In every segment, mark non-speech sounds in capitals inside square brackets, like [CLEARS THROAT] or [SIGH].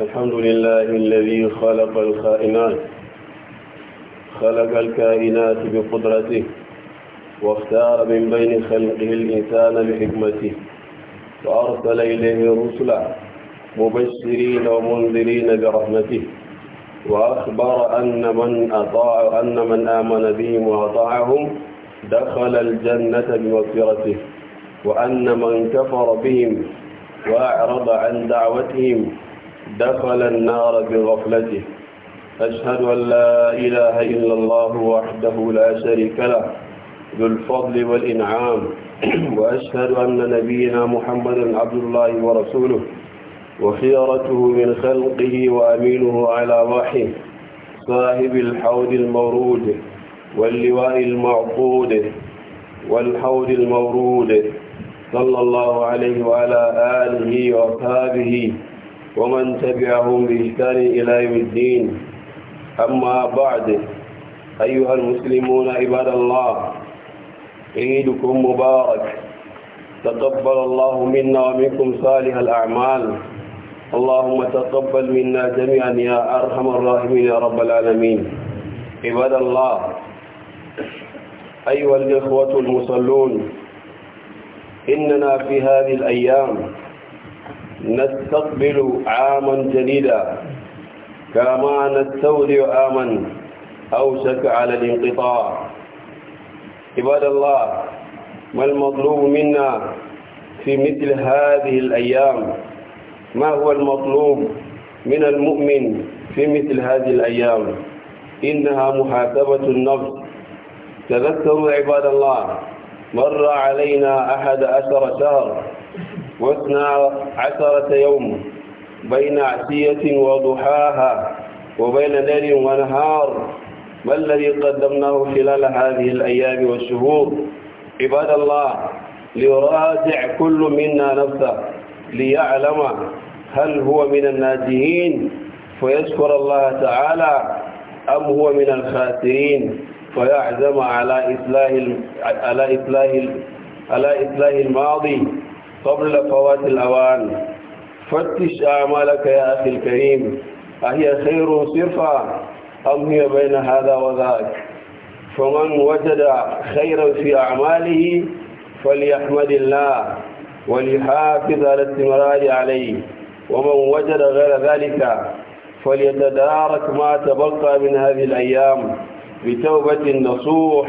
الحمد لله الذي خلق الخائنات خلق الكائنات بقدرته واختار من بين خلقه الإنسان بحكمته وأرسل إليه رسلا مبشرين ومنذرين برحمته وأخبر أن من أطاع أن من آمن بهم وأطاعهم دخل الجنة بمغفرته وأن من كفر بهم وأعرض عن دعوتهم دخل النار بغفلته أشهد أن لا إله إلا الله وحده لا شريك له ذو الفضل والإنعام [CLEARS THROAT] وأشهد أن نبينا محمدا عبد الله ورسوله وخيرته من خلقه وأمينه على وحيه صاحب الحوض المورود واللواء المعقود والحوض المورود صلى الله عليه وعلى آله وصحبه ومن تبعهم بإحسان إلى يوم الدين أما بعد أيها المسلمون عباد الله عيدكم مبارك تقبل الله منا ومنكم صالح الأعمال اللهم تقبل منا جميعا يا أرحم الراحمين يا رب العالمين عباد الله أيها الإخوة المصلون إننا في هذه الأيام نستقبل عاما جديدا كما نستودع عاما أوشك على الانقطاع عباد الله ما المطلوب منا في مثل هذه الأيام ما هو المطلوب من المؤمن في مثل هذه الأيام إنها محاسبة النفس تذكروا عباد الله مر علينا أحد عشر شهر واثنى عشرة يوم بين عشية وضحاها وبين ليل ونهار ما الذي قدمناه خلال هذه الأيام والشهور عباد الله ليراجع كل منا نفسه ليعلم هل هو من الناجين فيشكر الله تعالى أم هو من الخاسرين فيعزم على إصلاح على إصلاح على إصلاح الماضي قبل فوات الأوان فتش أعمالك يا أخي الكريم أهي خير صرفا أم هي بين هذا وذاك فمن وجد خيرا في أعماله فليحمد الله وليحافظ على الاستمرار عليه ومن وجد غير ذلك فليتدارك ما تبقى من هذه الأيام بتوبة نصوح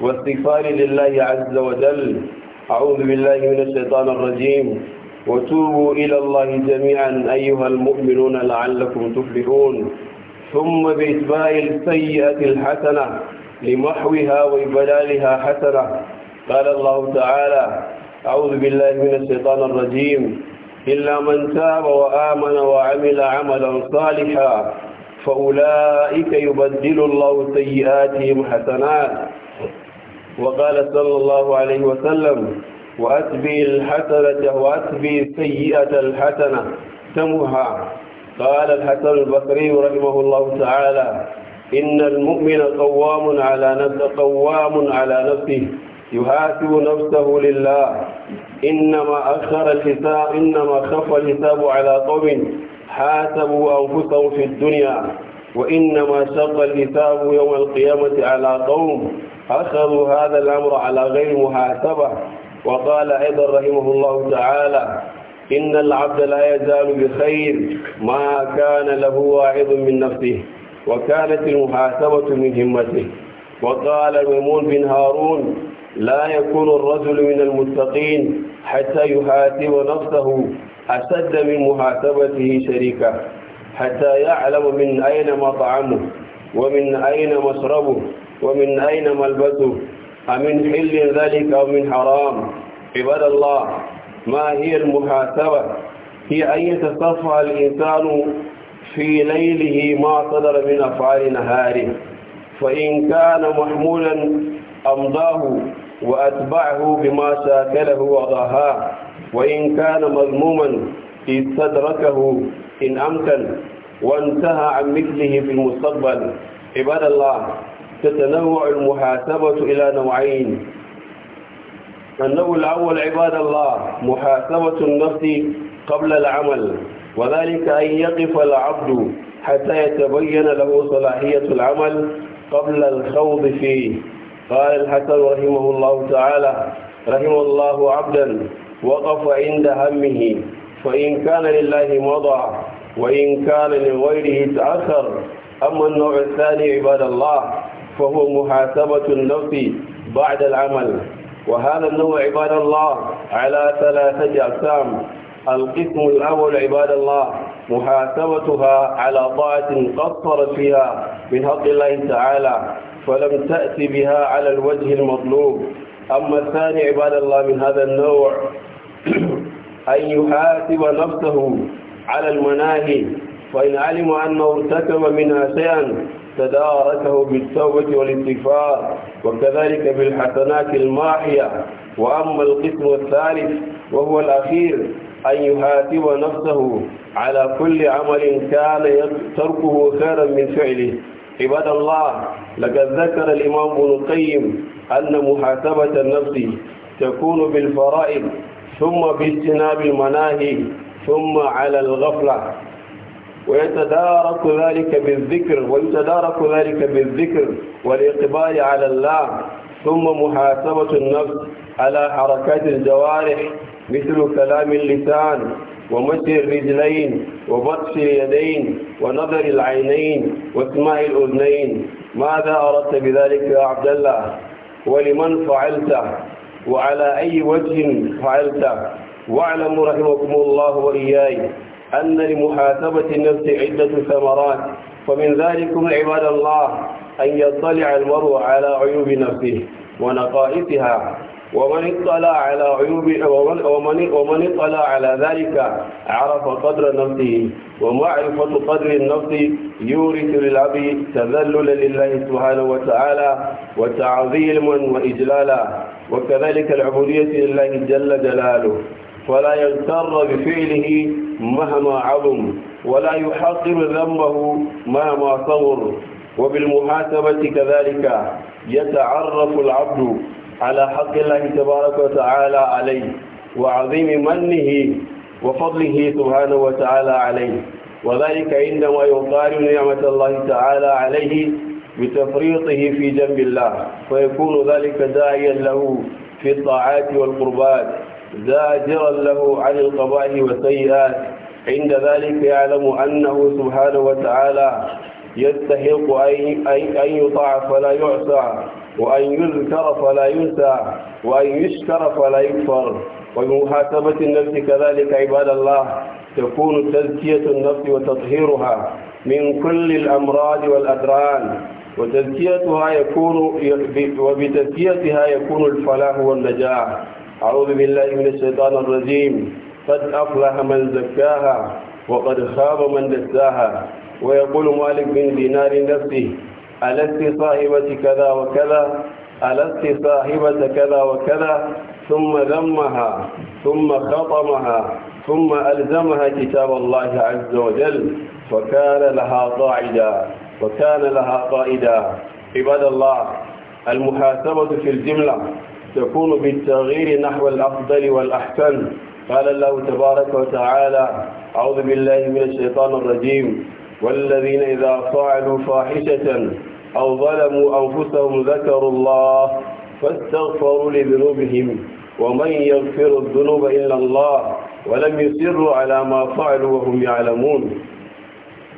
واستغفار لله عز وجل أعوذ بالله من الشيطان الرجيم وتوبوا إلى الله جميعا أيها المؤمنون لعلكم تفلحون ثم بإتباع السيئة الحسنة لمحوها وإبلالها حسنة قال الله تعالى أعوذ بالله من الشيطان الرجيم إلا من تاب وآمن وعمل عملا صالحا فأولئك يبدل الله سيئاتهم حسنات وقال صلى الله عليه وسلم وأتبي الحسنة وأتبي سيئة الحسنة تمها قال الحسن البصري رحمه الله تعالى إن المؤمن قوام على نفسه قوام على نفسه يحاسب نفسه لله إنما أخر الحساب إنما خف الحساب على قوم حاسبوا أنفسهم في الدنيا وإنما شق الحساب يوم القيامة على قوم أخذوا هذا الأمر على غير محاسبة وقال أيضا رحمه الله تعالى إن العبد لا يزال بخير ما كان له واعظ من نفسه وكانت المحاسبة من همته وقال ميمون بن هارون لا يكون الرجل من المتقين حتى يحاسب نفسه أشد من محاسبته شريكه حتى يعلم من أين مطعمه ومن أين مشربه ومن أين ملبسه أمن حل ذلك أو من حرام عباد الله ما هي المحاسبة هي أن يتصفى الإنسان في ليله ما صدر من أفعال نهاره فإن كان محمولا أمضاه وأتبعه بما شاكله وضاهاه وإن كان مذموما استدركه إن أمكن وانتهى عن مثله في المستقبل عباد الله تتنوع المحاسبة إلى نوعين النوع الأول عباد الله محاسبة النفس قبل العمل وذلك أن يقف العبد حتى يتبين له صلاحية العمل قبل الخوض فيه قال الحسن رحمه الله تعالى رحم الله عبدا وقف عند همه فإن كان لله مضى وإن كان لغيره تأخر أما النوع الثاني عباد الله فهو محاسبة النفس بعد العمل وهذا النوع عباد الله على ثلاثة أقسام القسم الأول عباد الله محاسبتها على طاعة قصرت فيها من حق الله تعالى فلم تأتي بها على الوجه المطلوب أما الثاني عباد الله من هذا النوع [CLEARS THROAT] أن يحاسب نفسه على المناهي فإن علم أنه ارتكب منها شيئا تداركه بالتوبة والاستغفار وكذلك بالحسنات الماحية وأما القسم الثالث وهو الأخير أن يحاسب نفسه على كل عمل كان تركه خيرا من فعله عباد الله لقد ذكر الإمام ابن القيم أن محاسبة النفس تكون بالفرائض ثم باجتناب المناهي ثم على الغفلة ويتدارك ذلك بالذكر ويتدارك ذلك بالذكر والإقبال على الله ثم محاسبة النفس على حركات الجوارح مثل كلام اللسان ومشي الرجلين وبطش اليدين ونظر العينين واسماع الأذنين ماذا أردت بذلك يا عبد الله ولمن فعلته وعلى أي وجه فعلته واعلموا رحمكم الله وإياي أن لمحاسبة النفس عدة ثمرات فمن ذلكم عباد الله أن يطلع المرء على عيوب نفسه ونقائصها ومن اطلع على عيوب ومن ومن ومن اطلع على ذلك عرف قدر نفسه ومعرفة قدر النفس يورث للعبد تذللا لله سبحانه وتعالى وتعظيما وإجلالا وكذلك العبودية لله جل جلاله فلا يغتر بفعله مهما عظم ولا يحقر ذنبه مهما صغر وبالمحاسبة كذلك يتعرف العبد على حق الله تبارك وتعالى عليه وعظيم منه وفضله سبحانه وتعالى عليه وذلك عندما يقارن نعمة الله تعالى عليه بتفريطه في جنب الله فيكون ذلك داعيا له في الطاعات والقربات زاجرا له عن القبائح والسيئات عند ذلك يعلم أنه سبحانه وتعالى يستحق أن يطاع فلا يعصى وأن يذكر فلا ينسى وأن يشكر فلا يكفر وبمحاسبة النفس كذلك عباد الله تكون تزكية النفس وتطهيرها من كل الأمراض والأدران وتزكيتها يكون وبتزكيتها يكون الفلاح والنجاح أعوذ بالله من الشيطان الرجيم قد أفلح من زكاها وقد خاب من دساها ويقول مالك بن دينار نفسه ألست صاحبة كذا وكذا ألست صاحبة كذا وكذا ثم ذمها ثم خطمها ثم ألزمها كتاب الله عز وجل وكان لها قاعدة وكان لها قائدا عباد الله المحاسبة في الجملة تكون بالتغيير نحو الأفضل والأحسن قال الله تبارك وتعالى أعوذ بالله من الشيطان الرجيم والذين إذا فعلوا فاحشة أو ظلموا أنفسهم ذكروا الله فاستغفروا لذنوبهم ومن يغفر الذنوب إلا الله ولم يصروا على ما فعلوا وهم يعلمون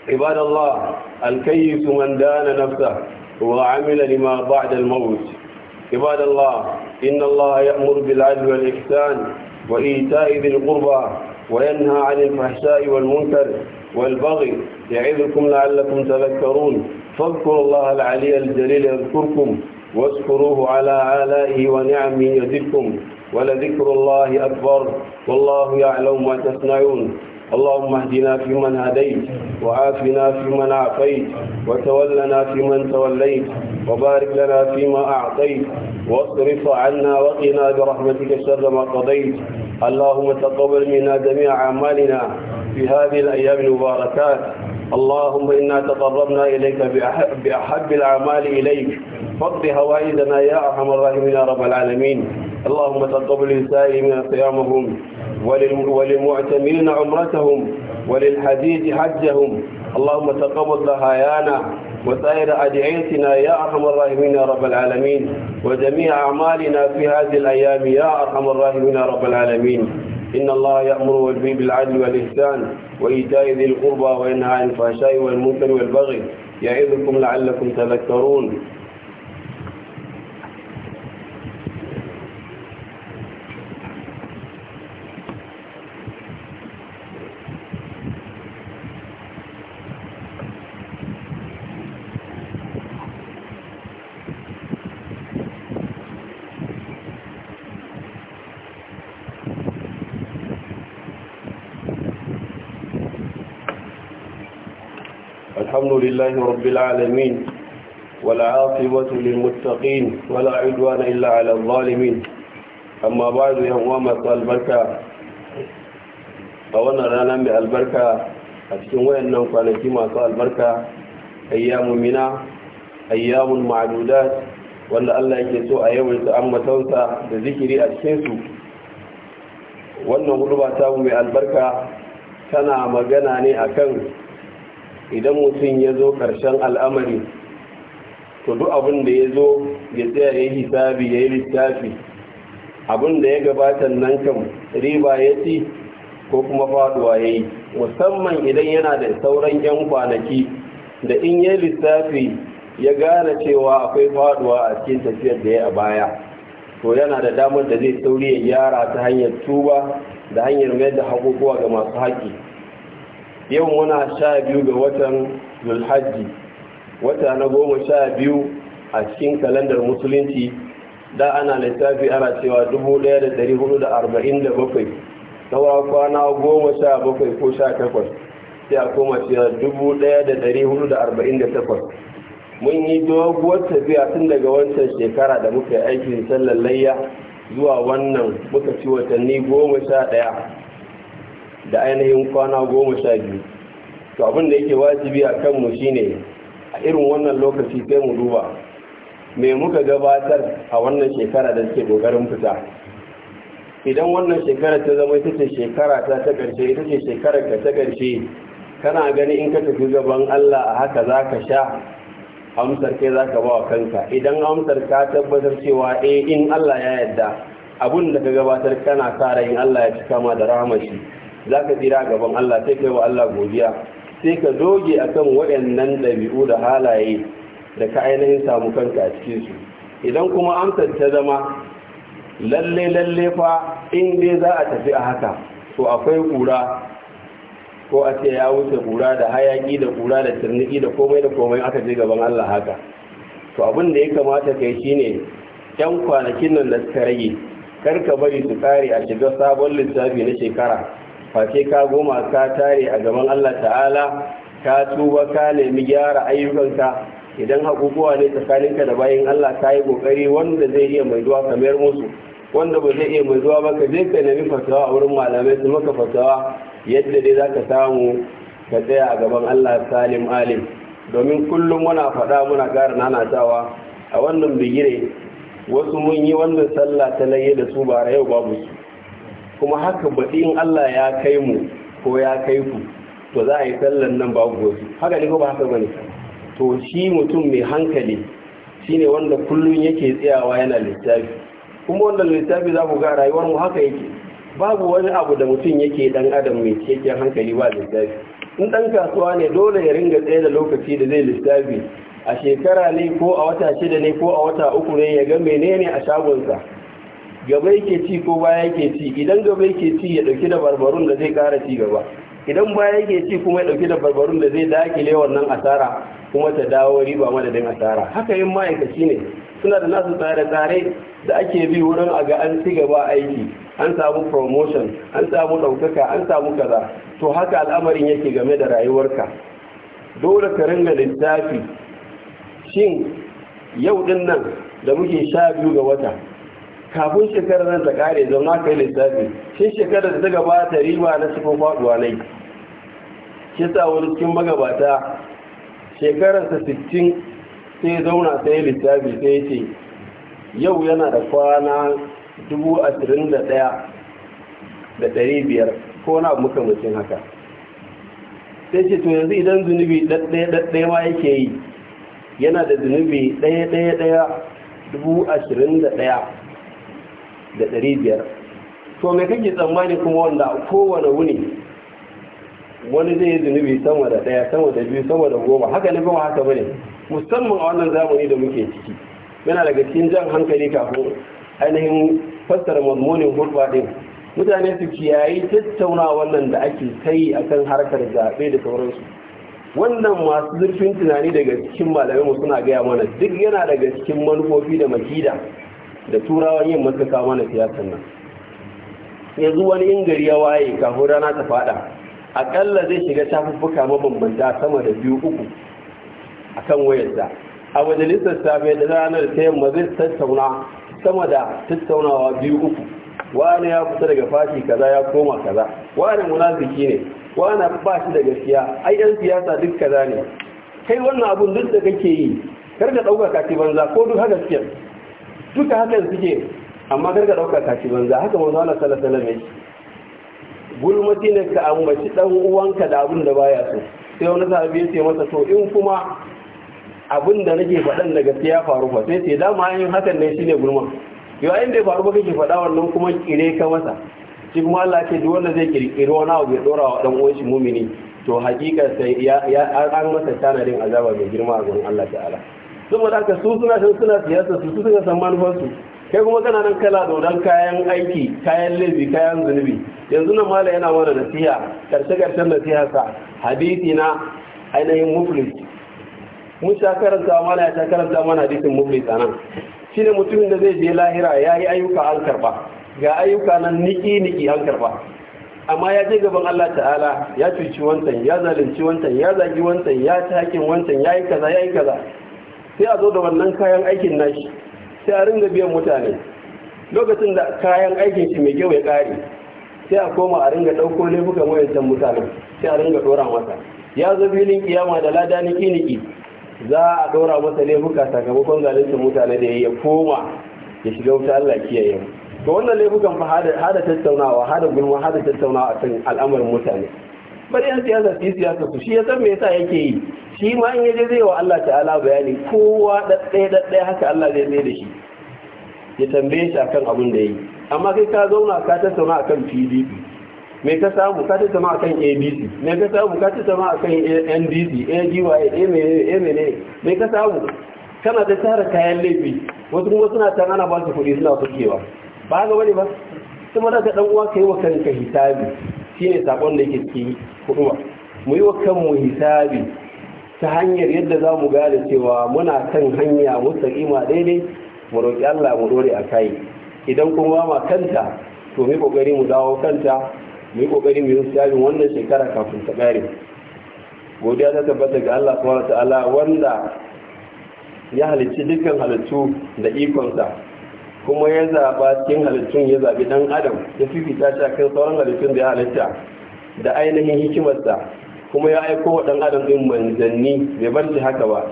عباد الله الكيس من دان نفسه وعمل لما بعد الموت عباد الله إن الله يأمر بالعدل والإحسان وإيتاء ذي القربى وينهى عن الفحشاء والمنكر والبغي يعظكم لعلكم تذكرون فاذكروا الله العلي الجليل يذكركم واشكروه على آلائه ونعمه يزدكم ولذكر الله أكبر والله يعلم ما تصنعون اللهم اهدنا فيمن هديت وعافنا فيمن عافيت وتولنا فيمن توليت وبارك لنا فيما أعطيت واصرف عنا وقنا برحمتك شر ما قضيت اللهم تقبل منا جميع أعمالنا في هذه الأيام المباركات اللهم إنا تقربنا إليك بأحب الأعمال إليك فاقض هوائدنا يا أرحم الراحمين يا رب العالمين اللهم تقبل للسائلين صيامهم وللمعتمرين عمرتهم وللحديث حجهم اللهم تقبل ضحايانا وسائر أدعيتنا يا أرحم الراحمين يا رب العالمين وجميع أعمالنا في هذه الأيام يا أرحم الراحمين يا رب العالمين إن الله يأمر بالعدل والإحسان وإيتاء ذي القربى وينهى عن الفحشاء والمنكر والبغي يعظكم لعلكم تذكرون الحمد لله رب العالمين والعاقبة للمتقين ولا عدوان إلا على الظالمين أما بعد يا أمامة البركة أولا رانا من البركة أتكون وين نوفا نكيما البركة أيام منا أيام معدودات wanda Allah yake so a yawaita ammatansa da zikiri a cikinsu wannan hudu ba samu mai albarka tana magana ne akan idan mutum ya zo ƙarshen al'amari to duk abin da ya zo ya tsaya ya hisabi ya yi littafi abin da ya gabatan nan kan riba ya ci ko kuma faduwa ya yi musamman idan yana da sauran 'yan kwanaki da in ya littafi ya gane cewa akwai faduwa a cikin tafiyar da ya a baya to yana da damar da zai sauri ya gyara ta hanyar tuba da hanyar mayar da hakukuwa ga masu haƙi yau muna sha biyu ga watan zulhajji wata na goma sha biyu a cikin kalandar musulunci da ana lissafi ana cewa 1447 saura kwana goma sha bakwai ko sha takwas sai a koma cewa 1448 mun yi doguwar tafiya tun daga wancan shekara da muka yi aikin sallar layya zuwa wannan muka ci watanni goma sha ɗaya da ainihin kwana goma sha biyu to abin da yake wajibi a kanmu shine a irin wannan lokaci sai mu duba me muka gabatar a wannan shekara da suke dogarin fita idan wannan shekara ta zama ita ce shekara ta ta ƙarshe ita ce shekarar ka ta ƙarshe kana gani in ka tafi gaban Allah a haka za ka sha amsar kai za ka ba wa kanka idan amsar ka tabbatar cewa E in Allah ya yarda abin da ka gabatar kana sa in Allah ya cika ma da rahama shi za ka tsira gaban Allah sai kai wa Allah godiya sai ka doge kan waɗannan ɗabi'u da halaye da ka ainihin samu kanka a cikin su idan kuma amsar ta zama lalle lalle fa in dai za a tafi a haka to akwai ƙura ko a ce ya wuce ƙura da hayaƙi da ƙura da turniki da komai da komai aka je gaban Allah haka to abin da ya kamata kai shine yan kwanakin nan da suka rage kar ka bari su kare a shiga sabon lissafi na shekara face ka goma ka tare a gaban Allah ta'ala ka tuba ka nemi gyara ayyukanka idan hakukuwa ne tsakaninka da bayan Allah ka yi kokari wanda zai iya mai zuwa kamar musu wanda ba zai iya mai zuwa ba ka je ka nemi fatawa a wurin malamai su maka fatawa yadda dai zaka samu ka tsaya a gaban Allah salim alim domin kullum muna faɗa muna ƙara nanatawa a wannan bigire wasu mun yi wannan sallah ta laye da su ba yau babu su kuma haka baɗi in Allah ya kai mu ko ya kai ku to za a yi sallan nan ba gobe haka ne ko ba haka bane to shi mutum mai hankali shine wanda kullun yake tsayawa yana littafi kuma wanda littafi za ku ga rayuwar mu haka yake babu wani abu da mutum yake dan adam mai cikakken hankali ba littafi in dan kasuwa ne dole ya ringa tsaye da lokaci da zai littafi a shekara ne ko a wata shida ne ko a wata uku ne ya ga menene a shagonsa gaba yake ci ko baya yake ci idan gaba yake ci ya dauki da barbarun da zai kara ci gaba idan baya yake ci kuma ya dauki da barbarun da zai dakile wannan asara kuma ta dawo riba madadin asara haka yin ma'aikaci ne suna da nasu tsare-tsare da ake bi wurin a ga an ci gaba aiki an samu promotion an samu ɗaukaka an samu kaza to haka al'amarin yake game da rayuwarka dole ka ringa littafi shin yau din nan da muke sha biyu ga wata kafin shekarar nan ta kare don haka yi lissafi shi shekarar da ta gabata riba na cikin faduwa nai kisa wani cikin magabata shekararsa sittin sai zauna sai lissafi sai ce yau yana da kwana 21,500 ko na muka mutum haka sai ce to yanzu idan zunubi ɗaɗɗaya ma yake yi yana da zunubi ɗaya ɗaya ɗaya dubu ɗaya da ɗari biyar to mai kake tsammani kuma wanda kowane wuni wani zai yi zunubi sama da ɗaya sama da biyu sama da goma haka ne kuma haka bane musamman a wannan zamani da muke ciki yana daga cikin jan hankali kafin ainihin fassara mazmunin hulɓa ɗin mutane su kiyayi tattauna wannan da ake kai kan harkar zaɓe da sauransu wannan masu zurfin tunani daga cikin malamai mu suna gaya mana duk yana daga cikin manufofi da makida da turawan yin masu mana siyasan nan yanzu wani in gari ya waye kafin rana ta fada akalla zai shiga shafuffuka mabambanta sama da biyu uku a kan wayarsa a majalisar safe da ranar ta yamma zai tattauna sama da tattaunawa biyu uku wani ya fita daga fashi kaza ya koma kaza wani munafiki ne wani ba shi da gaskiya ai yan siyasa duk kaza ne kai wannan abun duk da kake yi kar ka dauka kati banza ko duk haka gaskiyar duka hakan suke amma garga ɗauka kashi banza haka manzo Allah sallallahu alaihi wasallam gulmati ne ka ambaci dan uwanka da abin da baya so sai wani sahabi ya ce masa to in kuma abin da nake faɗan daga sai ya faru fa sai ce dama yin hakan ne shine gulma yo ayin da ya faru ba kake faɗa wannan kuma kire ka masa shi kuma Allah ce duk wanda zai kirkiri wani abu ya dora wa dan uwan shi mumini to hakika sai ya an masa tanadin azaba mai girma a gurin Allah ta'ala saboda haka su suna shan suna siyasa su su suka san manufarsu kai kuma kana nan kala dodon kayan aiki kayan laifi kayan zunubi yanzu nan mala yana mana nasiha karshe karshen sa, hadithi na ainihin muflis mun sha karanta mana ya sha karanta mana hadithin muflis a nan shi ne mutumin da zai je lahira ya yi ayyuka an karba ga ayyuka nan niki niki an karba amma ya je gaban Allah ta'ala ya cuci wancan ya zalunci wancan ya zagi wancan ya ci hakin wancan ya yi kaza ya yi kaza sai a zo da wannan kayan aikin nashi sai a ringa biyan mutane lokacin da kayan aikin shi mai kyau ya kare sai a koma a ringa ɗauko laifukan wayancan mutane sai a ringa ɗora masa ya zo filin kiyama da lada niki niki za a ɗora masa laifuka sakamakon zalincin mutane da ya koma ya shiga wuta Allah kiyaye mu to wannan laifukan fa hada tattaunawa hada gulma hada tattaunawa a kan al'amarin mutane bari yan siyasa yi siyasa su shi ya san me yasa yake yi shi ma in yaje zai wa Allah ta'ala bayani kowa da ɗaɗɗaya haka Allah zai zai da shi ya tambaye shi akan abin da ya yi amma kai ka zauna ka sama akan pdp me ka samu ka sama akan abc me ka samu ka sama akan ndc agya MNA me ka samu kana da tsara kayan laifi wasu kuma suna can ana ba su kuɗi suna fukewa ba ga wani ba kuma ka dan uwa kai wa kanka hisabi shine sakon da yake cikin kuɗuwa mu yi wa kanmu hisabi ta hanyar yadda za mu gane cewa muna kan hanya mustaƙima daidai mu roƙi Allah mu dore a kai idan kuma ma kanta to mu kokari mu dawo kanta mu yi kokari mu yi tsarin wannan shekara kafin ta kare godiya ta tabbata ga Allah subhanahu ta'ala wanda ya halicci dukkan halittu da ikonsa kuma ya zaba cikin halittun ya zabi dan adam ya fifita shi akan sauran halittun da ya halitta da ainihin hikimarsa kuma ya aiko wa ɗan adam ɗin manzanni bai bar haka ba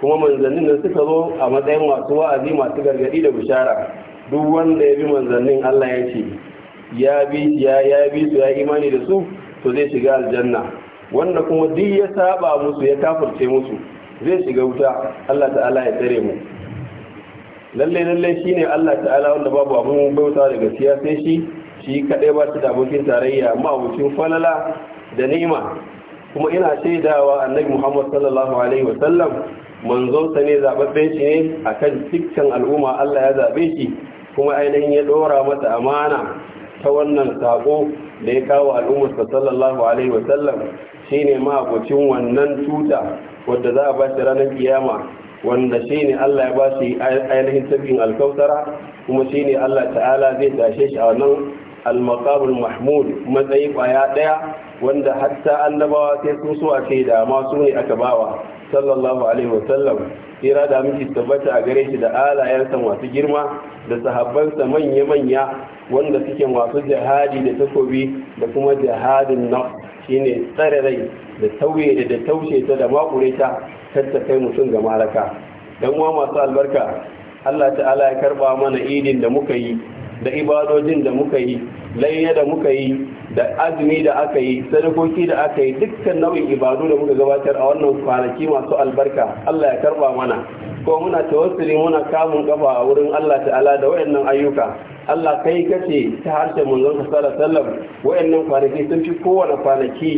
kuma manzannin nan suka zo a matsayin masu wa'azi masu gargaɗi da bishara duk wanda ya bi manzannin Allah ya ce ya bi ya ya bi su ya imani da su to zai shiga aljanna wanda kuma duk ya saba musu ya kafirce musu zai shiga wuta Allah ta'ala ya tsare mu lalle lalle shine Allah ta'ala wanda babu abun bauta da gaskiya sai shi shi kadai ba shi da abokin tarayya ma abokin falala da ni'ima kuma ina shaidawa annabi Muhammad sallallahu alaihi wa sallam manzon sa ne zababbe shi ne akan dukkan al'umma Allah ya zabe shi kuma ainihin ya dora masa amana ta wannan sako da ya kawo al'ummar sa sallallahu alaihi wa sallam shine ma abocin wannan tuta wanda za a ba shi ranar kiyama wanda shine Allah ya ba shi ainihin sabbin alkautara kuma shine Allah ta'ala zai tashe shi a wannan al mahmud matsayi kwaya daya wanda hatta annabawa sai sun so a ce da masu ne aka bawa sallallahu alaihi wasallam kira da miki tabbata a gare shi da alayensa masu girma da sahabbansa manya-manya wanda suke masu jihadi da takobi da kuma jihadin na shine tsare rai da tauye da taushe ta da makure ta tatta kai mutum ga malaka dan uwa masu albarka Allah ta'ala ya karba mana idin da muka yi da ibadojin da muka yi layya da muka yi da azumi da aka yi sadakoki da aka yi dukkan nau'in ibadu da muka gabatar a wannan kwanaki masu albarka Allah ya karba mana ko muna tawassuli muna kamun kafa a wurin Allah ta'ala da wayannan ayyuka Allah kai kace ta harshe manzon sallallahu alaihi wasallam wayannan kwanaki sun fi kowane kwanaki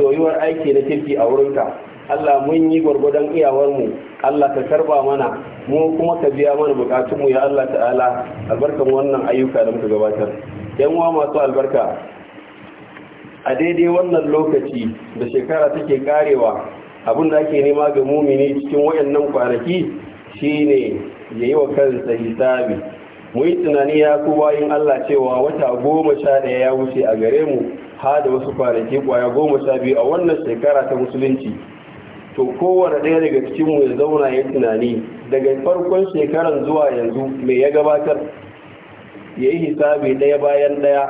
soyuwar aiki na kirki a wurinka Allah mun yi gwargwadon mu Allah ka karba mana mu kuma ka biya mana bukatunmu ya Allah ta'ala albarkan wannan ayyuka da muka gabatar yan wa masu albarka a daidai wannan lokaci da shekara take karewa abin da ake nema ga mumini cikin wayannan kwanaki shine ya yi wa kansa hisabi mu yi tunani ya ku bayan Allah cewa wata goma sha ɗaya ya wuce a gare mu ha da wasu kwanaki kwaya goma sha biyu a wannan shekara ta musulunci to kowane ɗaya daga cikinmu ya zauna ya tunani daga farkon shekaran zuwa yanzu me ya gabatar ya yi hisabi ɗaya bayan ɗaya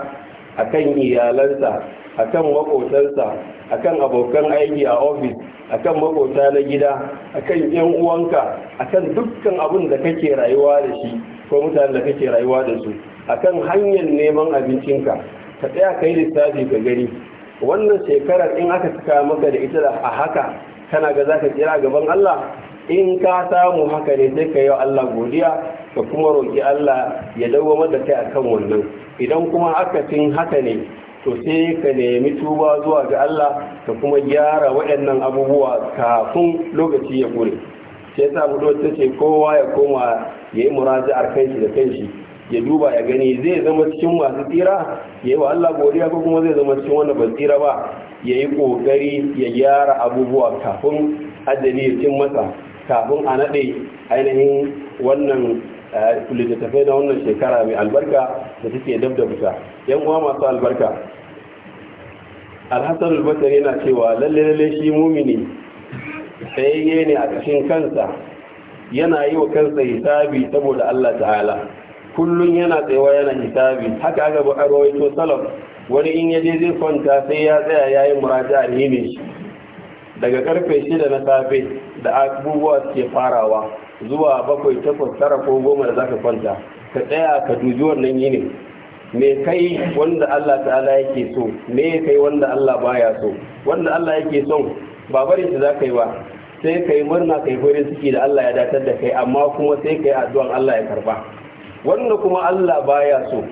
akan iyalansa akan makotansa akan abokan aiki a ofis akan makota na gida akan yan uwanka kan dukkan abin da kake rayuwa da shi ko mutane da kake rayuwa da su akan hanyar neman abincinka ka tsaya kai lissafi ka gani wannan shekarar in aka saka maka da ita a haka kana ga zaka tsira gaban Allah in ka samu haka ne sai ka yi wa Allah godiya ka kuma roƙi Allah ya dawwamar da kai akan wannan idan kuma aka cin haka ne to sai ka nemi tuba zuwa ga Allah ka kuma gyara waɗannan abubuwa kafin lokaci ya kure sai sa mutuwa ta ce kowa ya koma ya yi muraji'ar kanshi da kanshi ya duba ya gani zai zama cikin masu tsira ya yi wa Allah godiya ko kuma zai zama cikin wanda ba tsira ba ya yi ƙoƙari ya gyara abubuwa kafin ajali ya cin masa kafin a naɗe ainihin wannan eh, littattafai na wannan shekara mai albarka da suke dab da fita yan uwa masu albarka alhassan albasar yana cewa lalle lalle shi mumini tsayayye ne a cikin kansa yana yi wa kansa hisabi saboda allah ta'ala kullum yana tsayawa yana hisabi haka aka ba rawaito salam wani in yaje zai kwanta sai ya tsaya yayin muraja'a ne shi daga karfe shida na safe da abubuwa suke farawa zuwa bakwai takwas tara ko goma da zaka kwanta ka tsaya ka dubi wannan yini me kai wanda Allah ta'ala yake so me kai wanda Allah baya so wanda Allah yake so ba bari shi zaka yi ba sai kai murna kai farin ciki da Allah ya datar da kai amma kuma sai kai addu'an Allah ya karba wanda kuma Allah baya so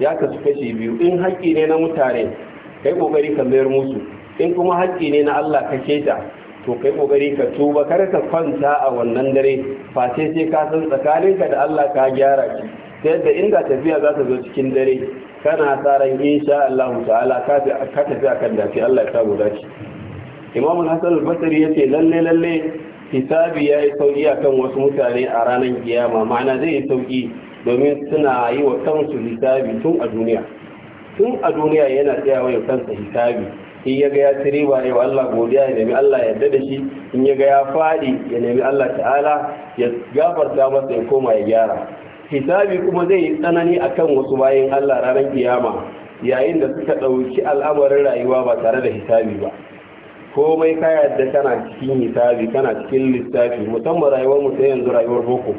ya kasu kashi biyu in haƙƙi ne na mutane kai kokari ka mayar musu in kuma haƙƙi ne na Allah ka keta to kai kokari ka tuba kar ka kwanta a wannan dare face sai ka san tsakaninka da Allah ka gyara shi ta da inda tafiya za ta zo cikin dare kana sa ran insha Allah ta'ala ka ka tafi akan dafi Allah ya samu dace Imam Hassan al-Basri yace lalle lalle hisabi yayi sauki akan wasu mutane a ranar kiyama ma'ana zai yi sauki domin suna yi wa kansu hisabi tun a duniya tun a duniya yana tsayawa ya kansa hisabi in ya ga ya ci riba ya Allah godiya ya nemi Allah ya yarda da shi in ya ga ya faɗi ya nemi Allah ta'ala ya gafarta masa ya koma ya gyara hisabi kuma zai yi tsanani akan wasu bayan Allah ranar kiyama yayin da suka ɗauki al'amarin rayuwa ba tare da hisabi ba komai ka yadda kana cikin hisabi kana cikin lissafi musamman rayuwar mu sai yanzu rayuwar boko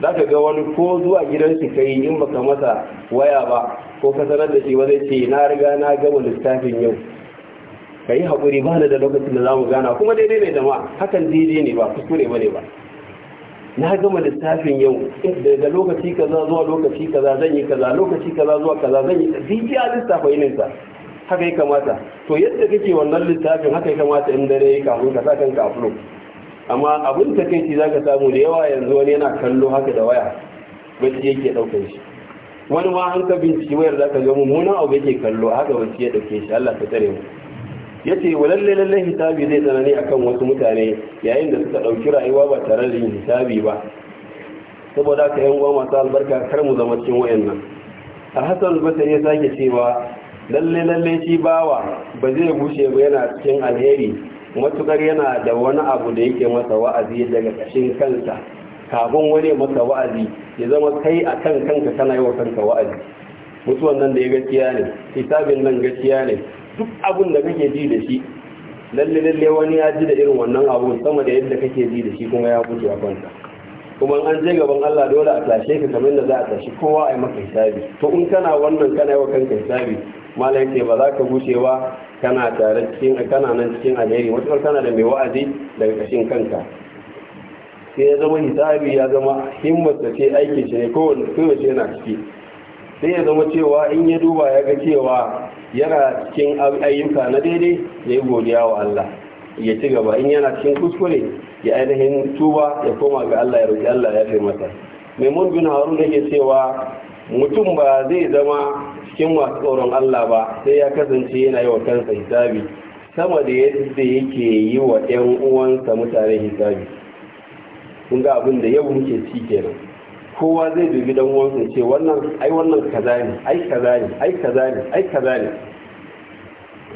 za ka ga wani ko zuwa gidansu kai in baka masa waya ba ko ka sanar da shi ba zai ce na riga na gama lissafin yau ka yi haƙuri ba da lokacin da za mu gana kuma daidai ne jama'a hakan daidai ne ba kuskure ba ne ba na gama lissafin yau daga lokaci kaza zuwa lokaci kaza zan yi kaza lokaci kaza zuwa kaza zan yi daidai lissafa yininsa haka ya kamata to yadda kake wannan lissafin haka ya kamata in dare ya kafin ka sa ka a amma abin takaici za ka samu da yawa yanzu wani yana kallo haka da waya bacci yake ɗaukar shi wani ma an ka binciki wayar za ka ga mummunan abu yake kallo haka bacci ya ɗauke shi allah ta tare mu Ya ce wa lalle lalle hitabi zai tsanani akan wasu mutane yayin da suka ɗauki rayuwa ba tare da yin hisabi ba saboda ka yan uwa masu albarka kar mu zama cikin wayannan a hasan basari ya sake cewa lalle lalle shi bawa ba zai bushe ba yana cikin alheri matukar yana da wani abu da yake masa wa'azi daga cikin kansa kafin wani masa wa'azi ya zama kai a kan kanka kana yi wa kanka wa'azi mutuwan nan da ya gaskiya ne hisabin nan gaskiya ne duk abun da kake ji da shi lalle lalle wani ya ji da irin wannan abun sama da yadda kake ji da shi kuma ya wuce a kwanta kuma an je gaban Allah dole a tashe ka kamar da za a tashi kowa a yi maka hisabi to in kana wannan kana yi wa kanka hisabi malam ce ba za ka wuce ba kana tare cikin kana nan cikin alheri matukar kana da mai wa'azi daga kashin kanka sai ya zama hisabi ya zama himmarsa ce aikin shi ne kowane kowace yana ciki sai ya zama cewa in ya duba ya ga cewa yana cikin ayyuka na daidai da ya godiya wa Allah ya ci gaba in yana cikin kuskure ya ainihin tuba ya koma ga Allah ya roƙi Allah ya fi mata maimun bin harun yake cewa mutum ba zai zama cikin masu tsoron Allah ba sai ya kasance yana yi wa kansa hisabi sama da yadda yake yi wa 'yan uwansa mutane hisabi kun abin da yau muke ci kenan kowa zai dubi dan uwansa ce wannan ai wannan kaza ne ai kaza ne ai kaza ne ai kaza ne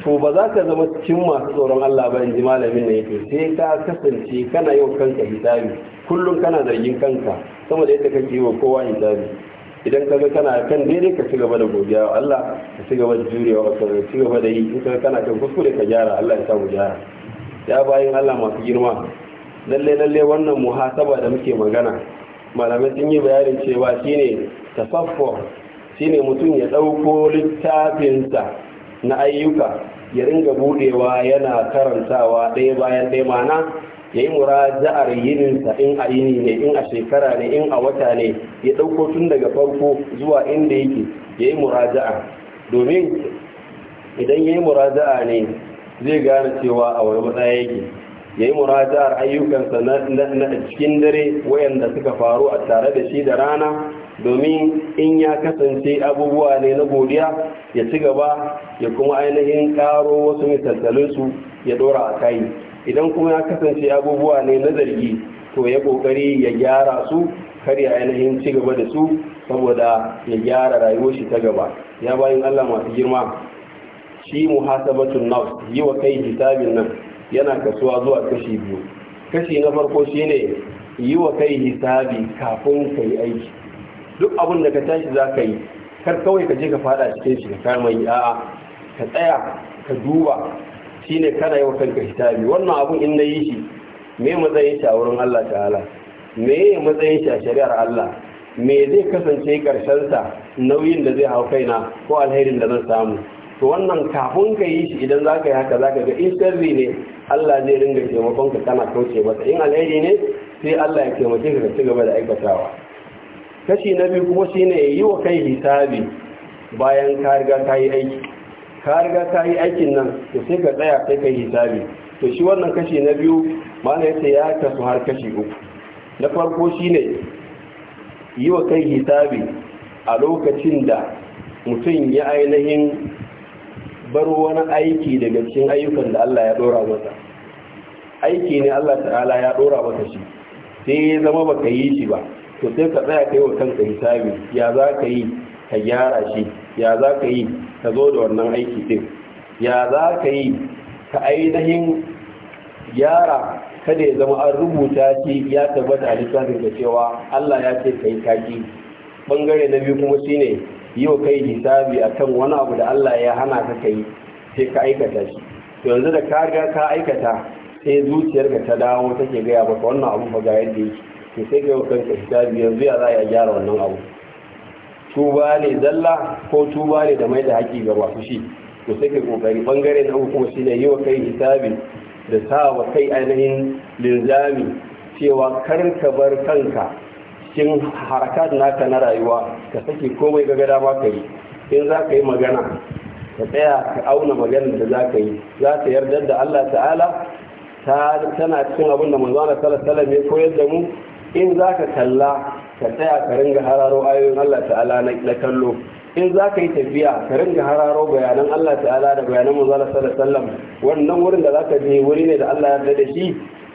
to ba za ka zama cikin masu tsoron Allah ba in ji malamin ne yake sai ka kasance kana yau kanka hisabi kullum kana zargin kanka sama da yadda kake yi wa kowa hisabi idan ka ga kana kan daidai ka ci gaba da godiya wa Allah ka ci gaba da jurewa ka ci gaba da yi in ka kana kan kuskure ka gyara Allah ya sa mu gyara ya bayin Allah masu girma lalle lalle wannan muhasaba da muke magana malamai sun yi bayanin cewa shine shi shine mutum ya ɗauko littafinsa na ayyuka ya ringa budewa yana karantawa ɗaya bayan ɗaya mana ya yi muraja'ar yininsa in a yini ne in a shekara ne in a wata ne ya ɗauko tun daga farko zuwa inda yake ya yi muraja'a domin idan ya yi muraja'a ne zai gane cewa a wani matsaya yake ya yi ayyukan ayyukansa na cikin dare wayanda suka faru a tare da shi da rana domin in ya kasance abubuwa ne na godiya ya ci gaba ya kuma ainihin karo wasu misaltalinsu ya dora a kai idan kuma ya kasance abubuwa ne na zargi to ya kokari ya gyara su kar ya ainihin ci gaba da su saboda ya gyara rayuwar shi ta gaba ya bayin allah masu girma shi muhasabatun nafs yi wa kai hisabin nan yana kasuwa zuwa kashi biyu kashi na farko shine yi wa kai hisabi kafin ka yi aiki duk abin da ka tashi za ka yi kar kawai ka je ka fada cikin shi ka kama yi a'a ka tsaya ka duba shine kana yi wa kanka hisabi wannan abun in na yi shi me matsayin shi a wurin Allah ta'ala me matsayin shi a shari'ar Allah me zai kasance karshen sa nauyin da zai hau kaina ko alherin da zan samu to wannan kafin ka yi shi idan za ka yi haka za ka ga in sirri ne Allah zai ringa taimakon ka kana kauce masa in alheri ne sai Allah ya taimake ka ci gaba da aikatawa kashi na biyu kuma shi ne yi wa kai hisabi bayan ka riga ka yi aiki ka riga ka yi aikin nan to sai ka tsaya sai ka yi hisabi to shi wannan kashi na biyu na yace ya kasu har kashi uku na farko shi shine yi wa kai hisabi a lokacin da mutum ya ainihin bar wani aiki daga cikin ayyukan da Allah ya dora masa aiki ne Allah ta'ala ya dora masa shi sai ya zama baka yi shi ba to sai ka tsaya kai wa kanka hisabi ya za ka yi ka gyara shi ya za ka yi ka zo da wannan aiki din ya za ka yi ka ainihin gyara kada ya zama an rubuta shi ya tabbata a lissafin da cewa Allah ya ce kai kaki bangare na biyu kuma shine yi wa kai hisabi akan wani abu da Allah ya hana ka kai sai ka aikata shi yanzu da ka ga ka aikata sai zuciyarka ta dawo take gaya baka wannan abu ba ga yadda yake to sai wa kanka hisabi yanzu ya za a gyara wannan abu tuba ne zalla ko tuba ne da mai da haƙi ga ba shi to sai kai kokari bangare na uku kuma ne yi wa kai hisabi da sa wa kai ainihin linzami cewa kar ka bar kanka cikin harakat naka na rayuwa ka sake komai ga gada ma ka yi in za ka yi magana ka tsaya ka auna maganar da za ka yi za ta yarda da Allah ta'ala tana cikin abin da manzo Allah sallallahu ya koyar da mu in za ka kalla ka tsaya ka ringa hararo ayoyin Allah ta'ala na kallo in za ka yi tafiya ka ringa hararo bayanan Allah ta'ala da bayanan manzo Allah sallallahu wannan wurin da za ka je wuri ne da Allah ya yarda da shi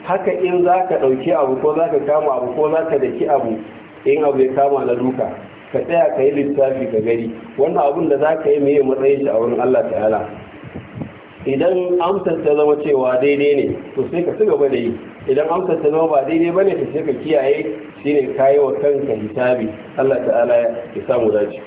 haka in za ka ɗauki abu ko za ka kama abu ko za ka daki abu in abu ya kama na duka ka tsaya ka yi littafi ka gari wannan abun da za ka yi mai matsayin shi a wurin Allah ta'ala idan amsar ta zama cewa daidai ne to sai ka ci gaba da yi idan amsar ta zama ba daidai bane to sai ka kiyaye shine kayi wa kanka hisabi Allah ta'ala ya samu dace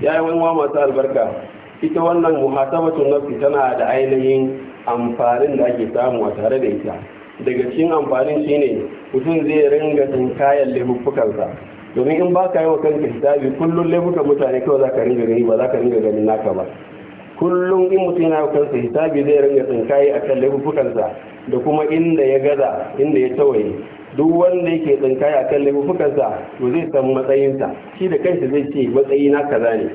yi wani wa masu albarka ita wannan muhasabatu nafsi tana da ainihin amfanin da ake samu a tare da ita daga cikin amfanin shi ne mutum zai ringa tunkayan laifuffukansa domin in ba ka yi wa kanka hisabi kullum laifukan mutane kawai za ka ringa gani ba za ka ringa ganin naka ba kullum in mutum yana wa kansa hisabi zai ringa tsinkaye a kan laifuffukansa da kuma inda ya gaza inda ya tawaye duk wanda yake tsinkaya a kan laifuffukansa to zai san matsayinsa shi da kansa zai ce matsayi na kaza ne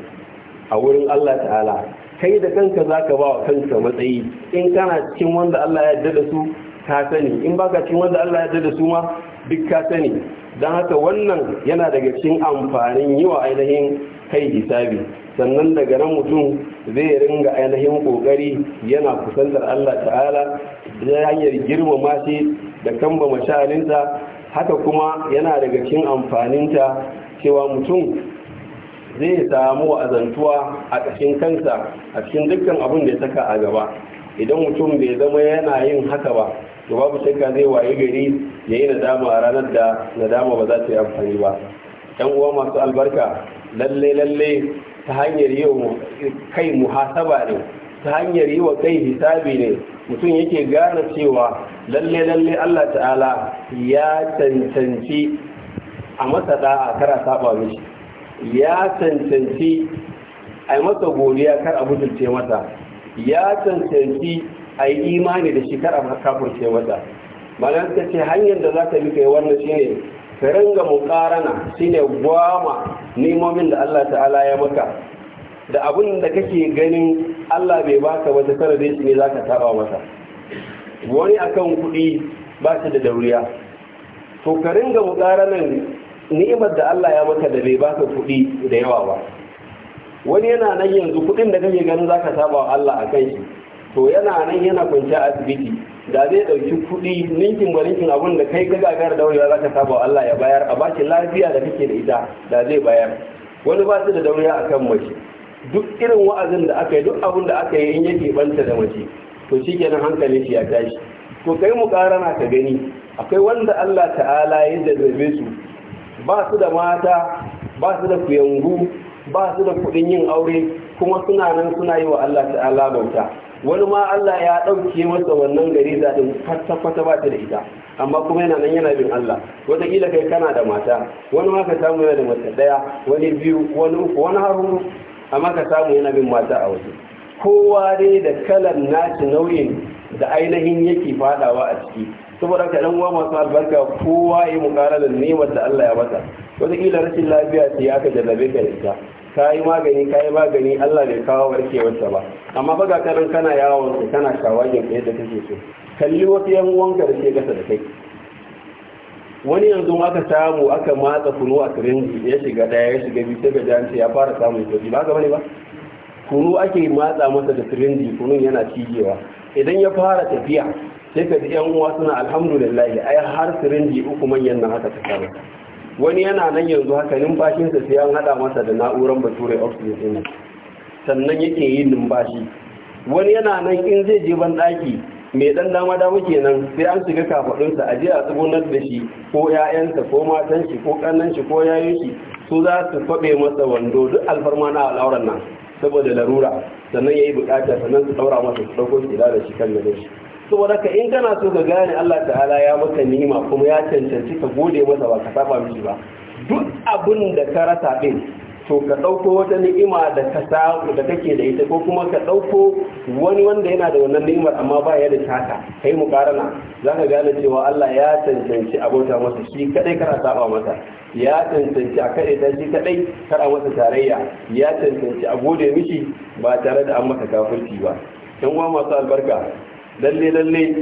a wurin Allah ta'ala kai da kanka za ka ba wa kanka matsayi in kana cikin wanda Allah ya yarda da su ka sani in baka cikin wanda Allah ya da su ma duk ka sani don haka wannan yana daga cikin amfanin yi wa ainihin kai hisabi sannan daga nan mutum zai ringa ainihin kokari yana kusantar Allah ta'ala da hanyar girmama shi da kamba mashalinta haka kuma yana daga cikin amfaninta cewa mutum zai samu azantuwa a ƙashin kansa a cikin dukkan abin da ya saka a gaba idan mutum bai zama yana yin haka ba to babu shakka zai waye gari ya yi nadama a ranar da nadama ba za ta yi amfani ba yan uwa masu albarka lalle lalle ta hanyar yi kai muhasaba ne ta hanyar yi wa kai hisabi ne mutum yake gane cewa lalle lalle Allah ta'ala ya cancanci a masa a kara saba mishi ya cancanci a masa godiya kar a mutunce mata, ya cancanci a yi imani da shi kar a kafurce wata. malam suka ce hanyar da za ka bi kai wannan shine ka ringa muƙarana shine gwama nemomin da Allah ta'ala ya maka da abin da kake ganin Allah bai baka wata sanadin shi ne za ka taɓa masa wani akan kuɗi ba shi da dauriya to ka ringa muƙaranan ni'imar da Allah ya maka da bai baka kuɗi da yawa ba wani yana nan yanzu kuɗin da kake ganin za ka taɓa wa Allah a kai shi to yana nan yana kwanci a asibiti da zai dauki kuɗi ninkin ba ninkin abun da kai da daurewa za ka saba Allah ya bayar a bakin lafiya da kake da ita da zai bayar wani ba su da a akan mace duk irin wa'azin da aka yi duk abun da aka yi in yake banta da mace to shikenan hankalin shi ya tashi to kai mu karana ka gani akwai wanda Allah ta'ala ya jazzabe su ba su da mata ba su da kuyangu ba su da kuɗin yin aure kuma suna nan suna yi wa Allah ta'ala bauta wani ma Allah ya ɗauke masa wannan gari zaɗin kwata-kwata ba ta da ita amma kuma yana nan yana bin Allah wataƙila kai kana da mata wani ma ka samu yana da mata ɗaya wani biyu wani uku wani har amma ka samu yana bin mata a waje kowa dai da kalan nashi nauyin da ainihin yake faɗawa a ciki saboda ka ɗan uwa masu albarka kowa ya yi mukarar da nemar da Allah ya bata wataƙila rashin lafiya ce aka jarrabe ka da ita ka yi magani ka yi magani Allah bai kawo warkewarsa ba amma fa ga kana yawon ka kana shawagin ka yadda kake so kalli wasu yan uwanka da ke gasa da kai wani yanzu aka samu aka matsa kunu a sirinji ya shiga daya ya shiga biyu daga janci ya fara samun sauki ba ga bane ba kunu ake matsa masa da sirinji kunun yana cijewa idan ya fara tafiya sai ka ji yan uwa suna alhamdulillah ai har sirinji uku manyan nan haka ta wani yana nan yanzu haka numfashinsa sai an hada masa da na'uran bature oxygen sannan yake yin numfashi wani yana nan in zai je ban daki mai dan dama dama kenan sai an shiga kafadunsa a je a tsugunar da shi ko 'ya'yansa ko matan shi ko kannan shi ko yayin shi su za su kwabe masa wando duk alfarma na al'auran nan saboda larura sannan yayi bukata sannan su daura masa su ɗauko shi da shi kan da shi saboda ka in kana so ka gane Allah ta'ala ya maka ni'ima kuma ya cancanci ka gode masa ba ka saba mishi ba duk abin da ka rasa din to ka ɗauko wata ni'ima da ka samu da kake da ita ko kuma ka ɗauko wani wanda yana da wannan ni'imar amma ba ya da taka kai mu karana za ka gane cewa Allah ya cancanci abota masa shi kadai kana saba masa ya cancanci a kaɗai ta shi kadai kana masa tarayya ya cancanci a gode mishi ba tare da an maka kafirci ba yan uwa masu albarka lalle lalle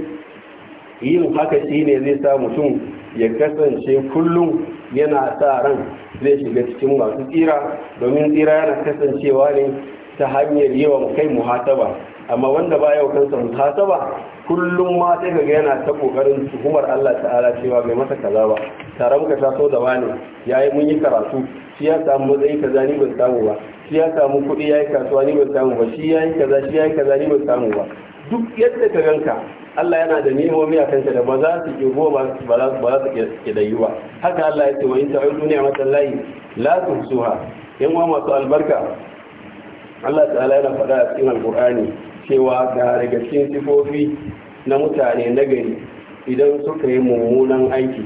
yin haka shi ne zai sa mutum ya kasance kullum yana sa ran zai shiga cikin masu tsira domin tsira yana kasancewa ne ta hanyar yi wa kai muhasaba amma wanda ba yau kansa muhasaba kullum ma sai kaga yana ta kokarin tuhumar Allah ta'ala cewa bai masa kaza ba taron ka taso da wani yayi mun yi karatu shi ya samu matsayi kaza ni ban samu ba shi ya samu kuɗi yayi kasuwa ni ban samu ba shi yayi kaza shi yayi kaza ni ban samu ba duk yadda ka ganka Allah yana da ni'imomi a kanta da ba za su ke goma ba za su ke da yiwa haka Allah ya ce wa in duniya mata layi, la suha yan wa masu albarka Allah ta'ala yana faɗa a cikin alqur'ani cewa ga daga cikin sifofi na mutane na gari idan suka yi mummunan aiki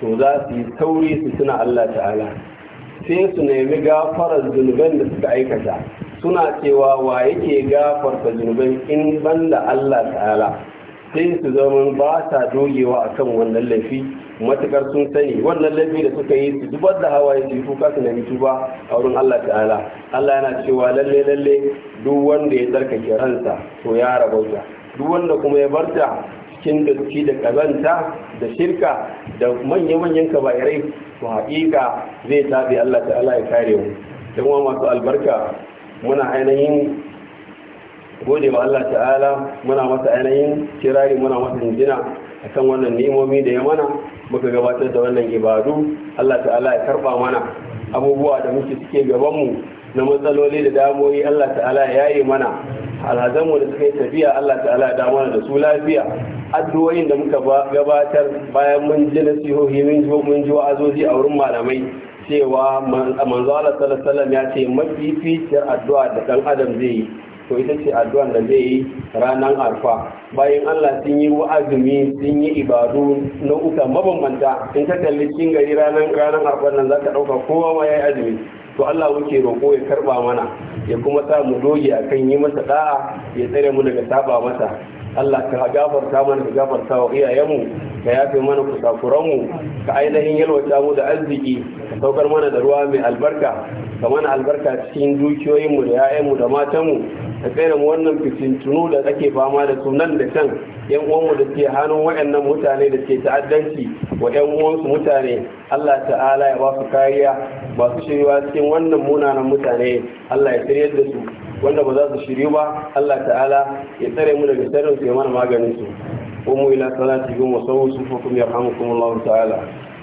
to za su yi sauri su tuna Allah ta'ala sai su nemi gafarar zunuban da suka aikata suna cewa wa yake gafarta zunubai in banda Allah ta'ala sai su zama ba sa dogewa a kan wannan laifi matukar sun sani wannan laifi da suka yi su zubar da hawaye su kuka su nemi tuba a wurin Allah ta'ala Allah yana cewa lalle lalle duk wanda ya tsarkake ransa to ya rabauta duk wanda kuma ya barta cikin gaske da kazanta da shirka da manya-manyan kaba'irai to haƙiƙa zai tabi Allah ta'ala ya kare mu Yan wa masu albarka muna ainihin gode wa Allah ta'ala muna masa ainihin kirari muna masa injina a kan wannan nemomi da ya mana muka gabatar da wannan ibadu Allah ta'ala ya karba mana abubuwa da muke suke gabanmu na matsaloli da damoyi Allah ta'ala ya yaye mana alhazanmu da suka yi tafiya Allah ta'ala ya damana da su lafiya addu'o'in da muka gabatar bayan mun ji nasihohi mun ji wa'azoji a wurin malamai cewa manzala salasalam ya ce mafi fitar addu'a da ɗan adam zai yi to ita ce addu'an da zai yi ranar arfa bayan allah sun yi wa'azumi sun yi ibadu na nau'uka mabambanta in ka kalli cikin gari ranar ranar arfa nan za ka ɗauka kowa ma ya yi azumi to allah muke roƙo ya karɓa mana ya kuma sa mu doge a kan yi masa da'a ya tsare mu daga saba masa Allah ka gafarta mana ka gafarta wa iyayenmu ka yafe mana kusakuranmu ka ainihin yalwata mu da arziki ka saukar mana da ruwa mai albarka ka mana albarka cikin dukiyoyinmu da 'ya'yanmu da matanmu ka tsere mu wannan fitintunu da ake fama da su nan da can yan uwanmu da ke hannun waɗannan mutane da ke ta'addanci wa yan uwansu mutane Allah ta'ala ya ba su kariya ba su shirya cikin wannan munanan mutane Allah ya shiryar da su wanda ba za su shiryu ba Allah ta'ala ya tsare mu daga sharrin su ya mana maganin su قوموا إلى صلاتكم وصوموا صفوكم يرحمكم ta'ala